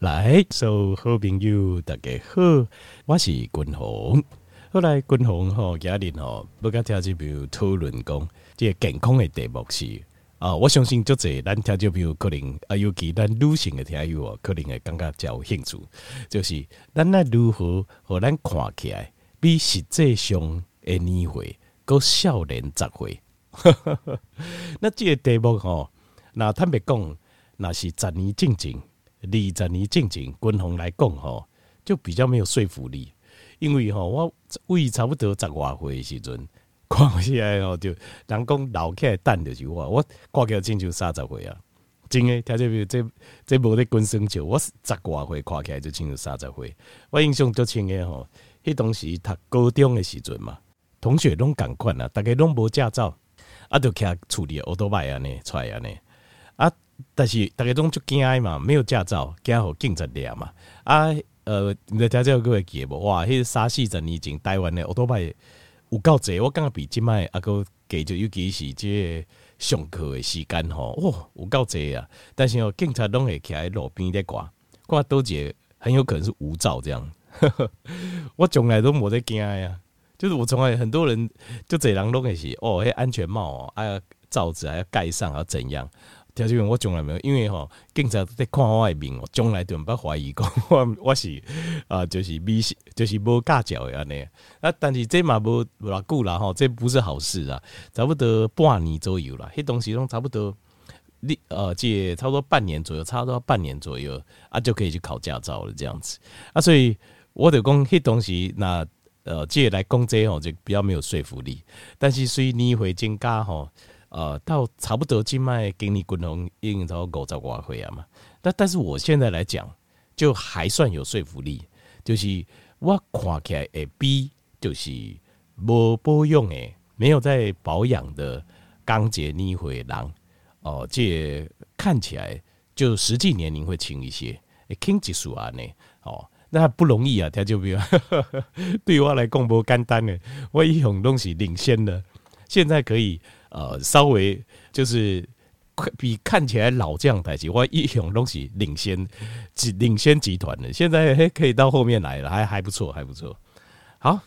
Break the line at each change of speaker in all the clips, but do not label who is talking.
來，so, 好朋友，大家好，我是君宏。後來，君宏哈，今日吼要不甲聽眾朋友討論講，這個、健康的題目是啊，我相信，就這咱聽眾朋友可能啊，尤其咱女性的聽友啊，可能會感覺較有興趣。就是咱那如，如何互咱看起來，比實際上的年會， 閣少年十歲，那即個題目吼，若坦白講，若是十年前。經。二十年近近，軍宏來講吼，就比較沒有說服力，因為吼我胃差不多十外歲的時陣，看起來吼就，人講老起等的就是我，我看起來親像三十歲啊，真的，聽說這比如這這沒得跟生酒，我十外歲看起來就親像三十歲，我印象最深的吼，迄當時讀高中的時陣嘛，同學攏共款啊，逐個攏無駕照，阿都去處理歐兜拜安尼出來尼。但是逐個攏就驚嘛，沒有駕照，驚互警察抓嘛。啊，呃，毋知聽這個會記講無哇，迄三四十年前台灣的奧多拜有夠濟。我感覺比即擺猶閣，加、啊、住尤其是即個上課的時間吼，哇、哦，有夠濟啊！但是吼、哦、警察攏會徛咧路邊咧在看倒一個很有可能是無照這樣。 我從來都無咧驚啊，就是我從來很多人就濟人攏會是哦，迄安全帽哦，啊，罩子啊，要蓋上，啊，怎樣？我從來沒有，因為吼警察在看我的面吼，從來就毋捌懷疑過我，我是啊、呃就是，就是沒是，就是無駕照的安尼啊，但是這嘛無偌久啦吼，喔，這不是好事啊。差不多半年左右啦。迄當時攏差不多，你呃，這差不多半年左右，差不多半年左右啊，就可以去考駕照了這樣子啊。所以我就講迄當時若呃，來這來講這吼就比較沒有說服力。但是隨年你會增加吼。喔呃，到差不多今賣給你滾龍，已經五十外歲啊嘛。那但，但是我現在來講，就還算有說服力。就是我看起來會比就是無保養的、沒有在保養的，的，剛結你會人哦，這看起來就實際年齡會輕一些。誒，輕幾歲啊呢？哦，那不容易啊，他就比 對我來講不簡單呢。我一項東西領先了，現在可以。呃，稍微就是比看起來老這樣子，我一向都是領先，領領先集團的，現在還可以到後面來了，還還不錯，還不錯。好，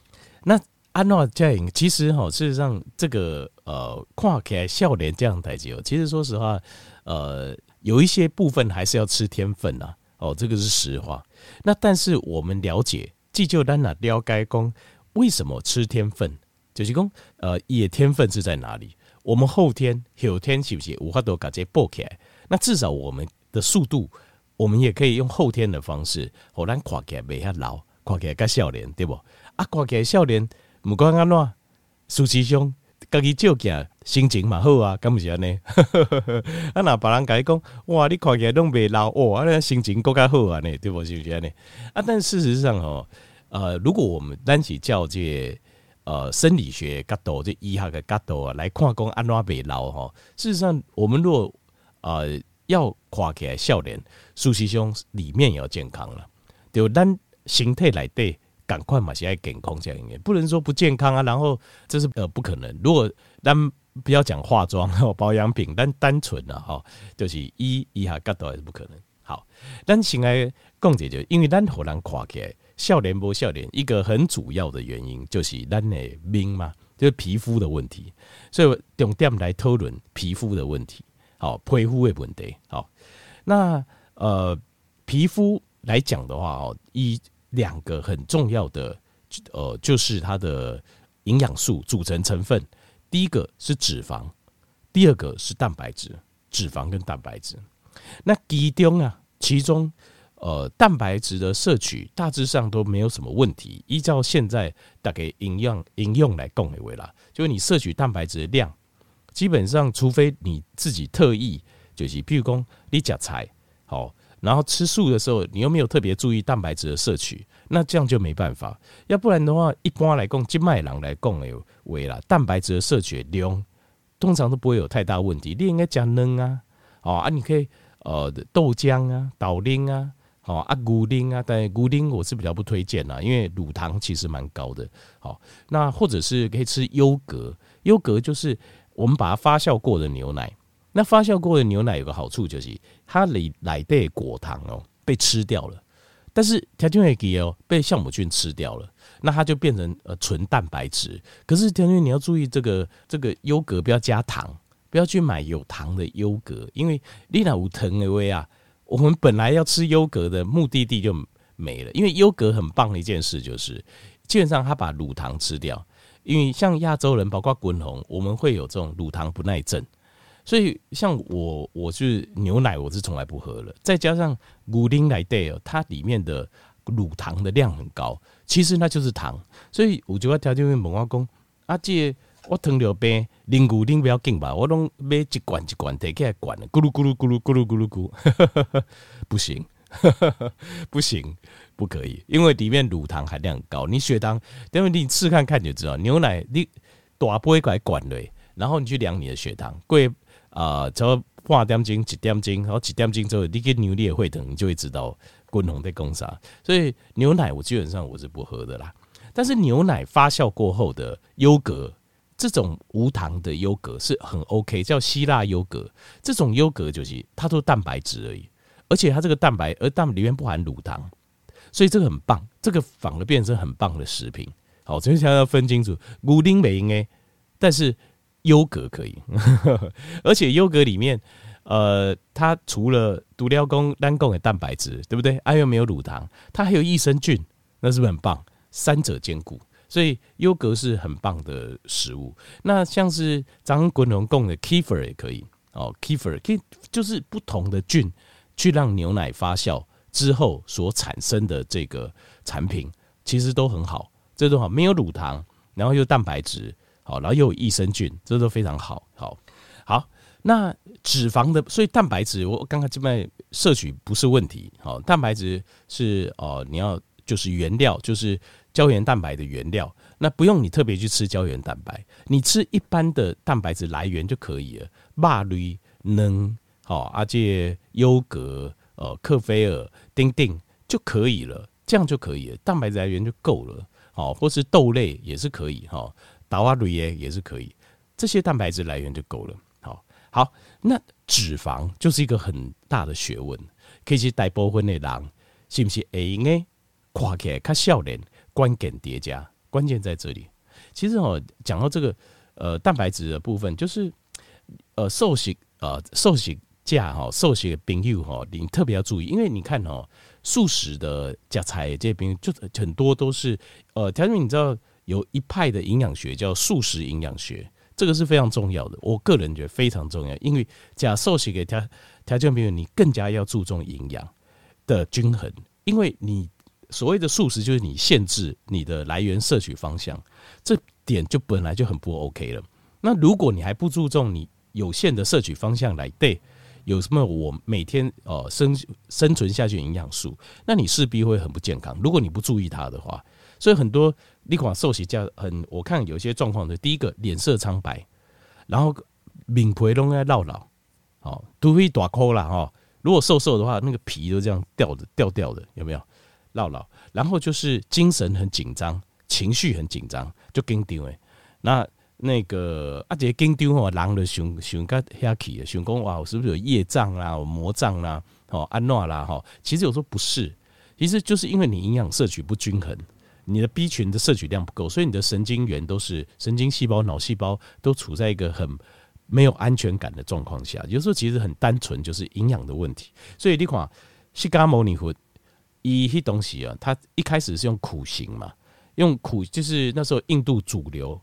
那安娜佳穎，其實哈、喔，事實上這個呃，看起來年輕這樣子哦，其實說實話，呃，有一些部分還是要吃天分吶、啊，哦、喔，這個是實話。那但是我們了解，季就丹娜撩該公為什麼吃天分，就是說呃，也天分是在哪裡？我們後天後天是不是有法度把這個補起來？那至少我們的速度，我們也可以用後天的方式，咱看起來袂遐老，看起來較少年，對不？啊，看起來少年，不管安怎，事實上，家己照鏡，心情嘛好啊，敢唔是安尼？ 啊，若別人家講，哇，你看起來攏袂老，哇、哦，心情閣較好啊，呢，對不？是不是安尼？啊，但事實上，吼，呃，如果我們單只照這。呃，生理學的角度，這醫學的角度啊，來看講安怎袂老哈。事實上，我們如果呃要看起來少年，事實上，裡面也要健康了。就咱身體內底，趕快嘛，現要健康這樣也，不能說不健康啊。然後這是呃不可能。如果咱不要講化妝、保養品，咱單純了哈，就是醫醫學角度也是不可能。好，咱先來講這就是，因為咱互人看起來，笑臉不笑臉，一個很主要的原因就是咱的臉嘛，就是皮膚的問題。所以我重點來討論皮膚的問題，好，皮膚的問題好。那呃，皮膚來講的話哦，一兩個很重要的，呃，就是它的營養素組成成分。第一個是脂肪，第二個是蛋白質，脂肪跟蛋白質。那其中啊，其中。呃，蛋白質的攝取大致上都沒有什麼問題。依照現在大概營養飲用來講的話啦，就是你攝取蛋白質的量，基本上除非你自己特意，就是譬如講你夾菜好，哦，然後吃素的時候，你又沒有特別注意蛋白質的攝取，那這樣就沒辦法。要不然的話，一般來講，金麥郎來講的話啦，蛋白質的攝取量通常都不會有太大問題。你應該加奶啊，哦啊，你可以呃豆漿啊、豆奶啊。哦啊，骨丁啊，但骨丁我是比較不推薦啦，因為乳糖其實蠻高的。好，那或者是可以吃優格，優格就是我們把它發酵過的牛奶。那發酵過的牛奶有個好處就是，它裡面的果糖哦、喔、被吃掉了，但是天然有機哦被酵母菌吃掉了，那它就變成呃純蛋白質。可是天然你要注意這個這個優格不要加糖，不要去買有糖的優格，因為你那無糖的味啊。我們本來要吃優格的目的地就沒了，因為優格很棒的一件事就是，基本上它把乳糖吃掉。因為像亞洲人，包括滾紅，我們會有這種乳糖不耐症，所以像我，我是牛奶我是從來不喝了。再加上古丁奶帶它裡面的乳糖的量很高，其實那就是糖，所以有我覺得條件問猛阿公阿姐。啊我糖尿病，啉牛奶袂不要緊吧？我攏買一罐一罐提起來灌，咕嚕咕嚕咕嚕咕嚕咕嚕咕，咕，咕，咕， 不行， 不行，不可以，因為裡面乳糖含量很高，你血糖，等下你試看看就知道。牛奶你大杯給它灌落，然後你去量你的血糖，過啊，呃、差不多半點鐘，一點鐘，然後一點鐘之後，你個牛奶會疼，就會知道滾頭在講啥。所以牛奶我基本上我是不喝的啦，但是牛奶發酵過後的優格。這種無糖的優格是很 OK，叫希臘優格。這種優格就是它做蛋白質而已，而且它這個蛋白，而蛋裡面不含乳糖，所以這個很棒。這個反而變成很棒的食品。好，所以想要分清楚，乳清沒 A，但是優格可以， 而且優格裡面，呃，它除了獨料供單供給蛋白質，對不對？它、啊、又沒有乳糖，它還有益生菌，那是不是很棒？三者兼顧。所以優格是很棒的食物，那像是張國榮供的 Kefir 也可以哦、oh,，Kefir 可以就是不同的菌去讓牛奶發酵之後所產生的這個產品，其實都很好，這都好沒有乳糖，然後又蛋白質，好、oh,，然後又有益生菌，這都非常好，好，好。那脂肪的，所以蛋白質我剛才這邊攝取不是問題，好、oh,，蛋白質是哦，oh, 你要就是原料就是。膠原蛋白的原料，那不用你特別去吃膠原蛋白，你吃一般的蛋白質來源就可以了。肉類能，哦，阿杰優格、哦、呃，克菲爾、丁丁就可以了，這樣就可以了，蛋白質來源就夠了。哦，或是豆類也是可以哈，達瓦里也是可以，這些蛋白質來源就夠了。好，好，那脂肪就是一個很大的學問，其實大部分的人是不是會用的看起來比較年輕，觀感疊加，關鍵在這裡。其實哦、喔，講到這個，呃，蛋白質的部分，就是，呃，素食啊，素食價哈，素食、喔、朋友哈、喔，你特別要注意，因為你看哦、喔，素食的食材這些朋友，就很多都是，呃，條條，你知道有一派的營養學叫素食營養學，這個是非常重要的。我個人覺得非常重要，因為假素食給條條條朋友，你更加要注重營養的均衡，因為你。所謂的素食就是你限制你的來源攝取方向，這點就本來就很不 OK 了。那如果你還不注重你有限的攝取方向來對有什麼我每天哦，生生存下去營養素，那你勢必會很不健康。如果你不注意它的話，所以很多你看壽喜叫很，我看有些狀況的。第一個臉色蒼白，然後面皮攏在老嘮好頭皮扣了哈。如果瘦瘦的話，那個皮都這樣掉的掉掉的，有沒有？嘮嘮，然後就是精神很緊張，情緒很緊張，就跟丟誒，那那個阿杰跟丟哦，狼的熊熊該黑阿奇熊公哇，我是不是有業障啦？有魔障啦？吼，安諾啦吼，其實有時候不是，其實就是因為你營養攝取不均衡，你的 B 群的攝取量不夠，所以你的神經元都是神經細胞、腦細胞都處在一個很沒有安全感的狀況下。有時候其實很單純就是營養的問題，所以你看西嘎摩尼佛。伊迄東西啊，他一開始是用苦行嘛，用苦就是那時候印度主流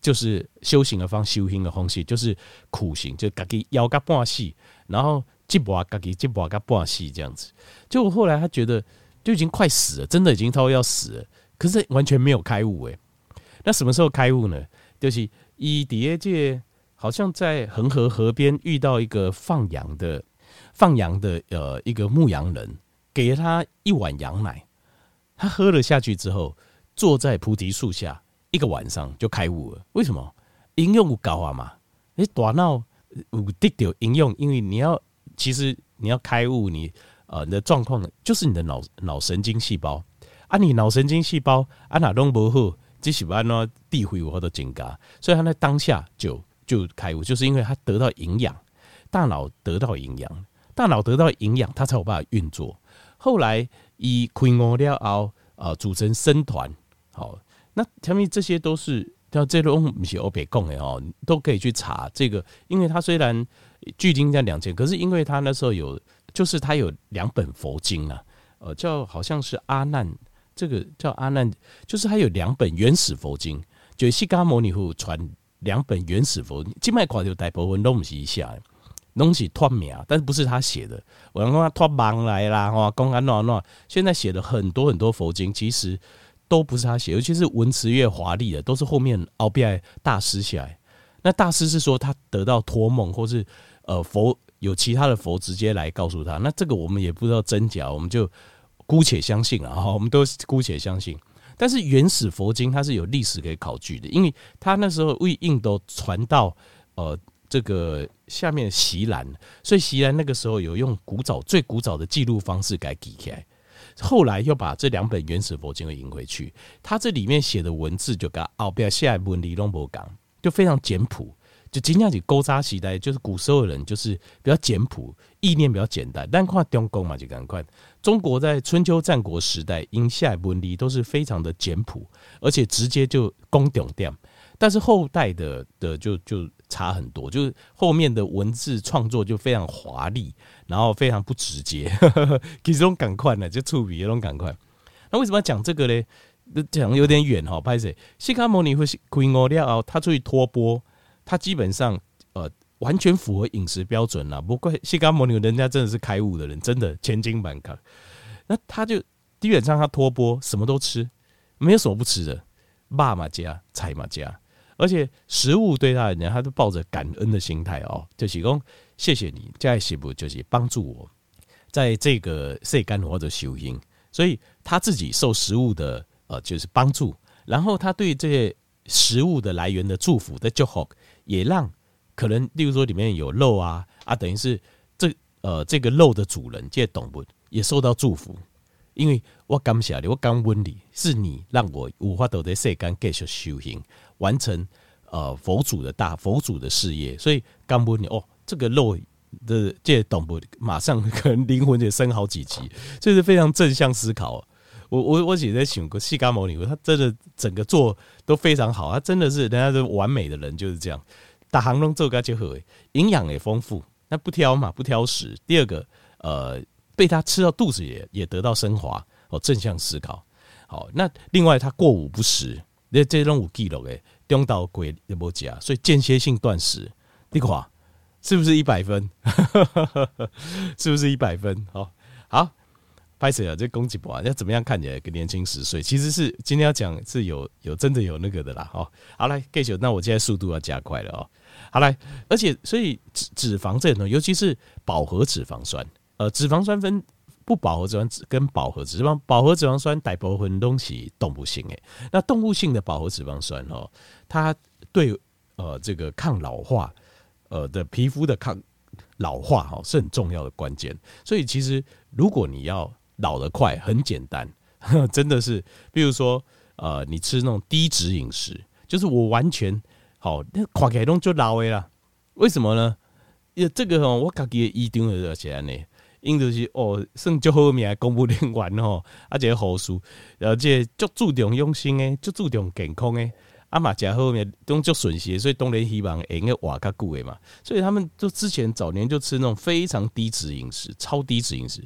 就是修行的方修行的方式，就是苦行，就嘎給腰到半死，然後吉佈啊嘎給吉半死這樣子。就後來他覺得就已經快死了，真的已經都要死了，可是完全沒有開悟誒、欸。那什麼時候開悟呢？就是伊第一屆好像在恆河河邊遇到一個放羊的放羊的呃一個牧羊人。給了他一碗羊奶，他喝了下去之後，坐在菩提樹下一個晚上就開悟了。為什麼？營養夠高啊嘛！哎，大腦有得到營養，因為你要其實你要開悟，你呃你的狀況就是你的腦腦神經細胞，啊，經胞啊，你腦神經細胞啊哪弄不好，這是安喏地毀我的境界。所以他在當下就就開悟，就是因為他得到營養，大腦得到營養。大腦得到營養，它才有辦法運作。後來以礦物料熬，啊、呃、組成僧團。好，那前面這些都是叫這種不是歐別講的哦，都可以去查這個。因為它雖然距今在兩千，可是因為它那時候有，就是它有兩本佛經啊，呃，叫好像是阿難，這個叫阿難，就是他有兩本原始佛經，就釋迦牟尼佛傳兩本原始佛經，金麥寡就帶博文弄一下。東西託夢，但是不是他寫的？我說他託夢來啦，哈，公安諾諾，現在寫的很多很多佛經，其實都不是他寫，尤其是文辭越華麗的，都是後面奧來大師寫。那大師是說他得到托夢，或是呃佛有其他的佛直接來告訴他。那這個我們也不知道真假，我們就姑且相信了哈，我們都姑且相信。但是原始佛經它是有歷史可以考據的，因為他那時候為印度傳到呃這個。下面的席蘭，所以席蘭那個時候有用古早最古早的記錄方式給它記起來，後來又把這兩本原始佛經給贏回去。他這裡面寫的文字就剛奧，比較下一部文理龍博講就非常簡樸，就盡量去勾扎時代，就是古時候的人就是比較簡樸，意念比較簡單，但看中國嘛就趕快。中國在春秋戰國時代，因下一部文理都是非常的簡樸，而且直接就攻頂掉。但是後代的的就就。差很多，就是後面的文字創作就非常華麗，然後非常不直接，給這種感觀呢，就觸筆這種感快。那為什麼要講這個呢？講有點遠哈，拍攝釋迦牟尼會是奎俄料，他出去托缽，他基本上呃完全符合飲食標準啦。不過釋迦牟尼人家真的是開悟的人，真的千金滿卡。那他就基本上他托缽，什麼都吃，沒有什麼不吃的，罵麻家菜麻家。而且食物對他而言，他都抱着感恩的心態哦、喔，就是講謝謝你，這下一步就是幫助我在這個世間或者修行，所以他自己受食物的呃就是幫助，然後他對這些食物的來源的祝福的就好，也讓可能例如說裡面有肉啊啊，等於是這呃這個肉的主人，這些動物，也受到祝福。因為我感謝你，我感恩你，是你讓我無法懂在世間繼續修行，完成呃佛祖的大佛祖的事業。所以感恩你哦，這個肉的，這個動物，馬上可能靈魂也升好幾級，這是非常正向思考、啊。我我我以前想過釋迦牟尼，他真的整個做都非常好，他真的是人家的完美的人就是這樣。大行動做加就合，營養也豐富，那不挑嘛，不挑食。第二個，呃。被他吃到肚子也也得到升華哦，正向思考。好，那另外他過午不食，那這種五 G 嘍的，到鬼也不加，所以間歇性斷食，你看是不是一百分？是不是一百分， 分？好，好，拍攝啊，這攻擊不完，要怎麼樣看起來更年輕十歲？其實是今天要講是有有真的有那個的啦。好，好了，蓋酒，那我現在速度要加快了哦、喔。好了，而且所以脂脂肪這尤其是飽和脂肪酸。呃，脂肪酸分不飽和脂肪跟飽和脂肪，飽和脂肪酸大部分東西動物性誒。那動物性的飽和脂肪酸哦、喔，它對呃這個抗老化呃的皮膚的抗老化哈、喔、是很重要的關鍵。所以其實如果你要老得快，很簡單，呵真的是，比如說呃，你吃那種低脂飲食，就是我完全好，那、喔、看起來都就老了啦。為什麼呢？因為這個、喔、我感覺一定。而且呢。因就是哦，算足好命，公務人員吼，啊一個護士，然後這足注重養生誒，足注重健康誒。啊嘛食好命攏足順心誒，所以當然希望會用誒活較久誒嘛。所以他們就之前早年就吃那種非常低脂飲食，超低脂飲食。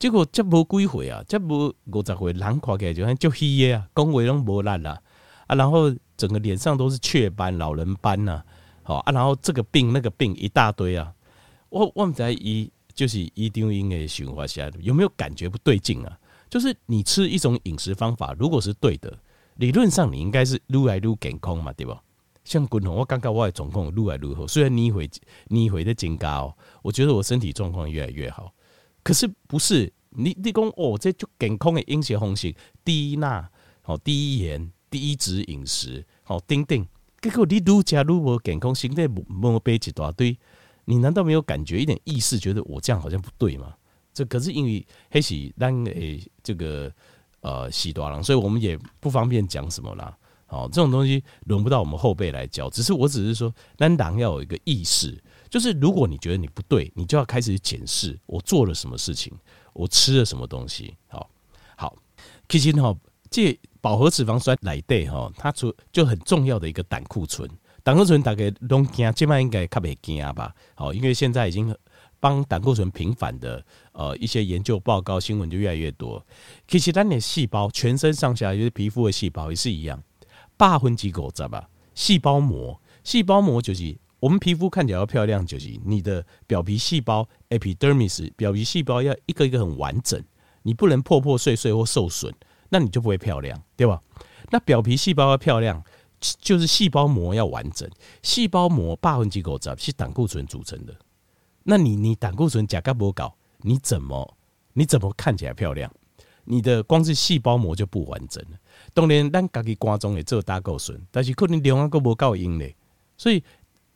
結果才無幾歲啊，才無五十歲，人看起來就安尼足虛誒啊，講話攏無力啊。啊。然後整個臉上都是雀斑、老人斑啊，吼啊。然後這個病那個病一大堆啊。我我毋知伊。就是一丟因的循環下，有沒有感覺不對勁啊？就是你吃一種飲食方法，如果是對的，理論上你應該是越來越健康嘛，對不？像滾紅，我感覺我的狀況越來越好，雖然你會你會的增加哦，我覺得我身體狀況越來越好。可是不是你你講哦，這就健康的飲食方式，低鈉，好，低鹽、低脂飲食，好，等等，結果你愈吃愈無健康，身體毛病一大堆。你難道沒有感覺一點意識，覺得我這樣好像不對嗎？這可是因為黑喜當誒，這個呃喜多郎，所以我們也不方便講什麼啦。好，這種東西輪不到我們後輩來教，只是我只是說，當然要有一個意識，就是如果你覺得你不對，你就要開始檢視我做了什麼事情，我吃了什麼東西。好好，kitchen 哈，這飽和脂肪酸奶類哈，它除就很重要的一個膽固醇。膽固醇大概攏驚，這嘛應該較袂驚吧？好，因為現在已經幫膽固醇平反的，呃，一些研究報告新聞就越來越多。其實咱的細胞全身上下，就是皮膚的細胞也是一樣，八分之九知道吧？細胞膜，細胞膜就是我們皮膚看起來要漂亮，就是你的表皮細胞 （epidermis），表皮細胞要一個一個很完整，你不能破破碎碎或受損，那你就不會漂亮，對吧？那表皮細胞要漂亮。就是細胞膜要完整，細胞膜百分之九十，是膽固醇組成的。那你你膽固醇價格不高，你怎麼你怎麼看起來漂亮？你的光是細胞膜就不完整了。當然咱家己關中也有膽固醇，但是可能兩個都無夠應嘞。所以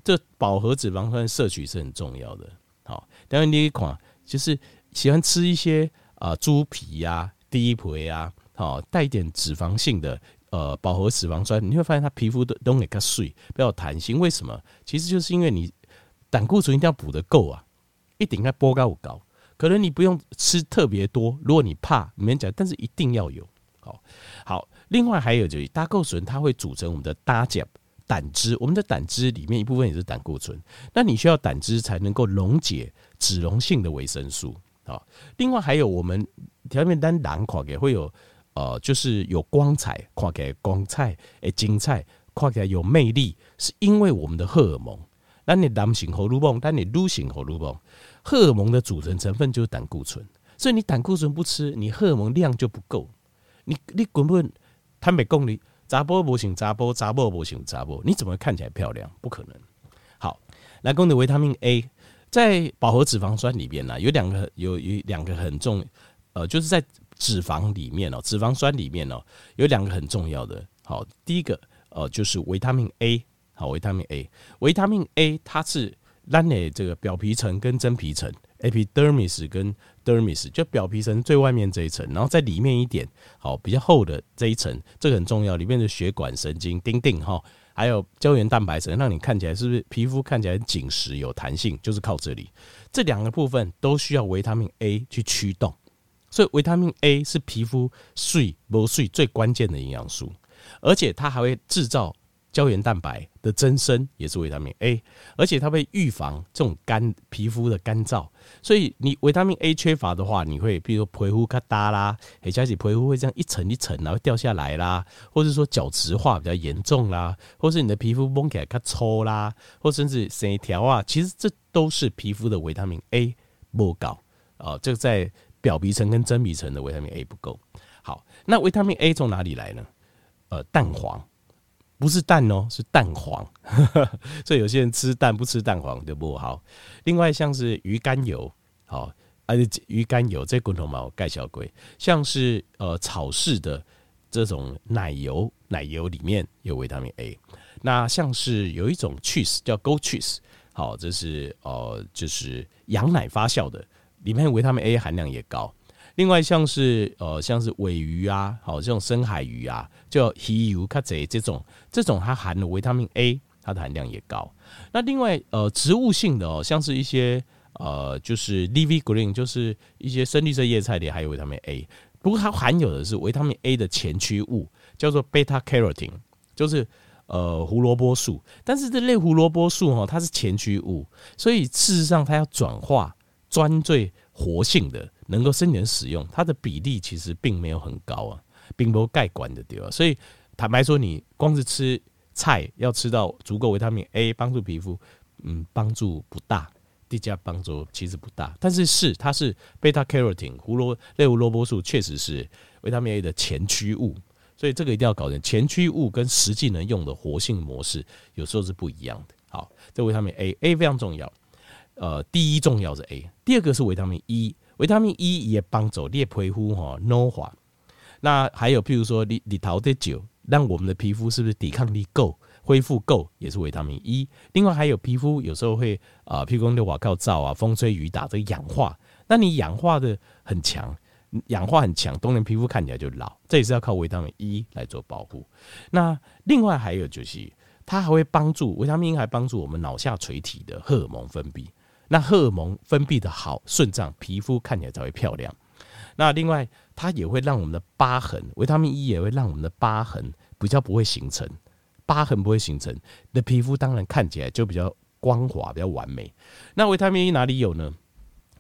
這飽和脂肪酸攝取是很重要的。好，當然另一款就是喜歡吃一些啊豬、呃、皮啊、低一啊，好帶一點脂肪性的。呃，飽和脂肪酸，你會發現它皮膚都都給它碎，比較有彈性。為什麼？其實就是因為你膽固醇一定要補得夠啊，一頂它波高五高。可能你不用吃特別多，如果你怕，免講，但是一定要有。好，好，另外還有就是膽固醇，它會組成我們的膽鹼、膽汁。我們的膽汁裡面一部分也是膽固醇，那你需要膽汁才能夠溶解脂溶性的維生素。好，另外還有我們調面單膽固醇也會有。呃，就是有光彩，看起來的光彩誒，精彩，看起來有魅力，是因為我們的荷爾蒙。那你男性荷爾蒙，當你女性荷爾蒙，荷爾蒙的組成成分就是膽固醇。所以你膽固醇不吃，你荷爾蒙量就不夠。你你滾滾坦白講，你，砸波不行，砸波砸波不行，砸波，你怎麼看起來漂亮？不可能。好，來講的維他命 A，在飽和脂肪酸裡邊呢、啊，有兩個有有兩個很重，呃，就是在。脂肪裡面哦，脂肪酸裡面哦，有兩個很重要的。好，第一個哦，就是維他命 A。好，維他命 A，維他命 A 它是讓誒這個表皮層跟真皮層 （epidermis 跟 dermis） 就表皮層最外面這一層，然後在裡面一點好比較厚的這一層，這個很重要。裡面的血管、神經、釘釘哈，還有膠原蛋白層，讓你看起來是不是皮膚看起來很緊實、有彈性，就是靠這裡。這兩個部分都需要維他命 A 去驅動。所以，維他命 A 是皮膚水不水最關鍵的營養素，而且它還會制造膠原蛋白的增生，也是維他命 A。而且它會預防這種乾皮膚的乾燥。所以，你維他命 A 缺乏的話，你會，比如說皮膚卡搭啦，哎，加起皮膚會這樣一層一層然後掉下來啦，或是說角質化比較嚴重啦，或是你的皮膚崩起來卡抽啦，或甚至線條啊，其實這都是皮膚的維他命 A 不夠啊。這、呃、在表皮層跟真皮層的維他命 A 不夠。好，那維他命 A 從哪裡來呢？呃，蛋黃，不是蛋哦，是蛋黃。呵呵，所以有些人吃蛋不吃蛋黃，對不對？好。另外像是魚肝油，好，而、啊、且魚肝油這滾筒毛蓋小貴。像是呃草式的這種奶油，奶油裡面有維他命 A。那像是有一種 cheese 叫 go cheese，好，這是呃就是羊奶發酵的。裡面維他命 A 含量也高，另外像是呃像是鮪魚啊，好，喔，這種深海魚啊，叫魚油 k u e 這種，這種它含的維他命 A 它的含量也高。那另外呃植物性的哦，喔，像是一些呃就是 leafy green，就是一些深綠色葉菜裡還有維他命 A，不過它含有的是維他命 A 的前驅物，叫做 beta carotene，就是呃胡蘿蔔素。但是這類胡蘿蔔素哈，喔，它是前驅物，所以事實上它要轉化。酸最活性的，能夠生成使用，它的比例其實並沒有很高啊，並不蓋管的對吧？所以坦白說，你光是吃菜要吃到足夠維他命 A，幫助皮膚，嗯，幫助不大。疊加幫助其實不大，但是是它是貝塔胡蘿蔔素，胡蘿蔔類胡蘿蔔素確實是維他命 A 的前驅物，所以這個一定要搞清，前驅物跟實際能用的活性模式有時候是不一樣的。好，這維他命 A，A 非常重要。呃，第一重要是 A，第二個是維他命 E，維他命 E 也幫助你的皮膚哈老化。那還有，譬如說你你淘的酒，讓我們的皮膚是不是抵抗力夠、恢復夠，也是維他命 E。另外還有皮膚有時候會啊，呃、譬如膚六瓦靠燥啊，風吹雨打、這個氧化，那你氧化的很強，氧化很強，冬天皮膚看起來就老，這也是要靠維他命 E 來做保護。那另外還有就是，它還會幫助維他命 E 還幫助我們腦下垂體的荷爾蒙分泌。那荷爾蒙分泌的好，順暢，皮膚看起來才會漂亮。那另外，它也會讓我們的疤痕，維他命 E 也會讓我們的疤痕比較不會形成，疤痕不會形成，你的皮膚當然看起來就比較光滑、比較完美。那維他命 E 哪裡有呢？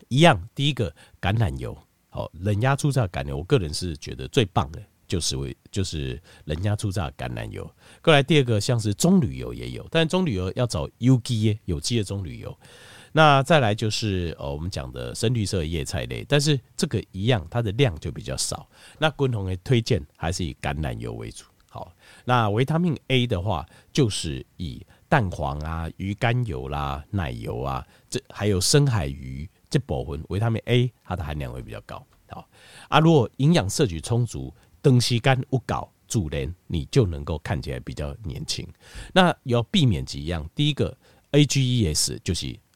一樣，第一個橄欖油，好，冷壓初榨橄欖油，我個人是覺得最棒的，就是維，就是冷壓初榨橄欖油。過來第二個像是棕櫚油也有，但棕櫚油要找 U G 有機的，有機的棕櫚油。那再來就是呃，我們講的深綠色葉菜類，但是這個一樣，它的量就比較少。那共同的推薦還是以橄欖油為主。好，那維他命 A 的話，就是以蛋黃啊、魚肝油啦、啊、奶油啊，這還有深海魚這部分維他命 A 它的含量會比較高。好啊，如果營養攝取充足，東西干勿高自然你就能夠看起來比較年輕。那要避免幾樣，第一個 AGES 就是。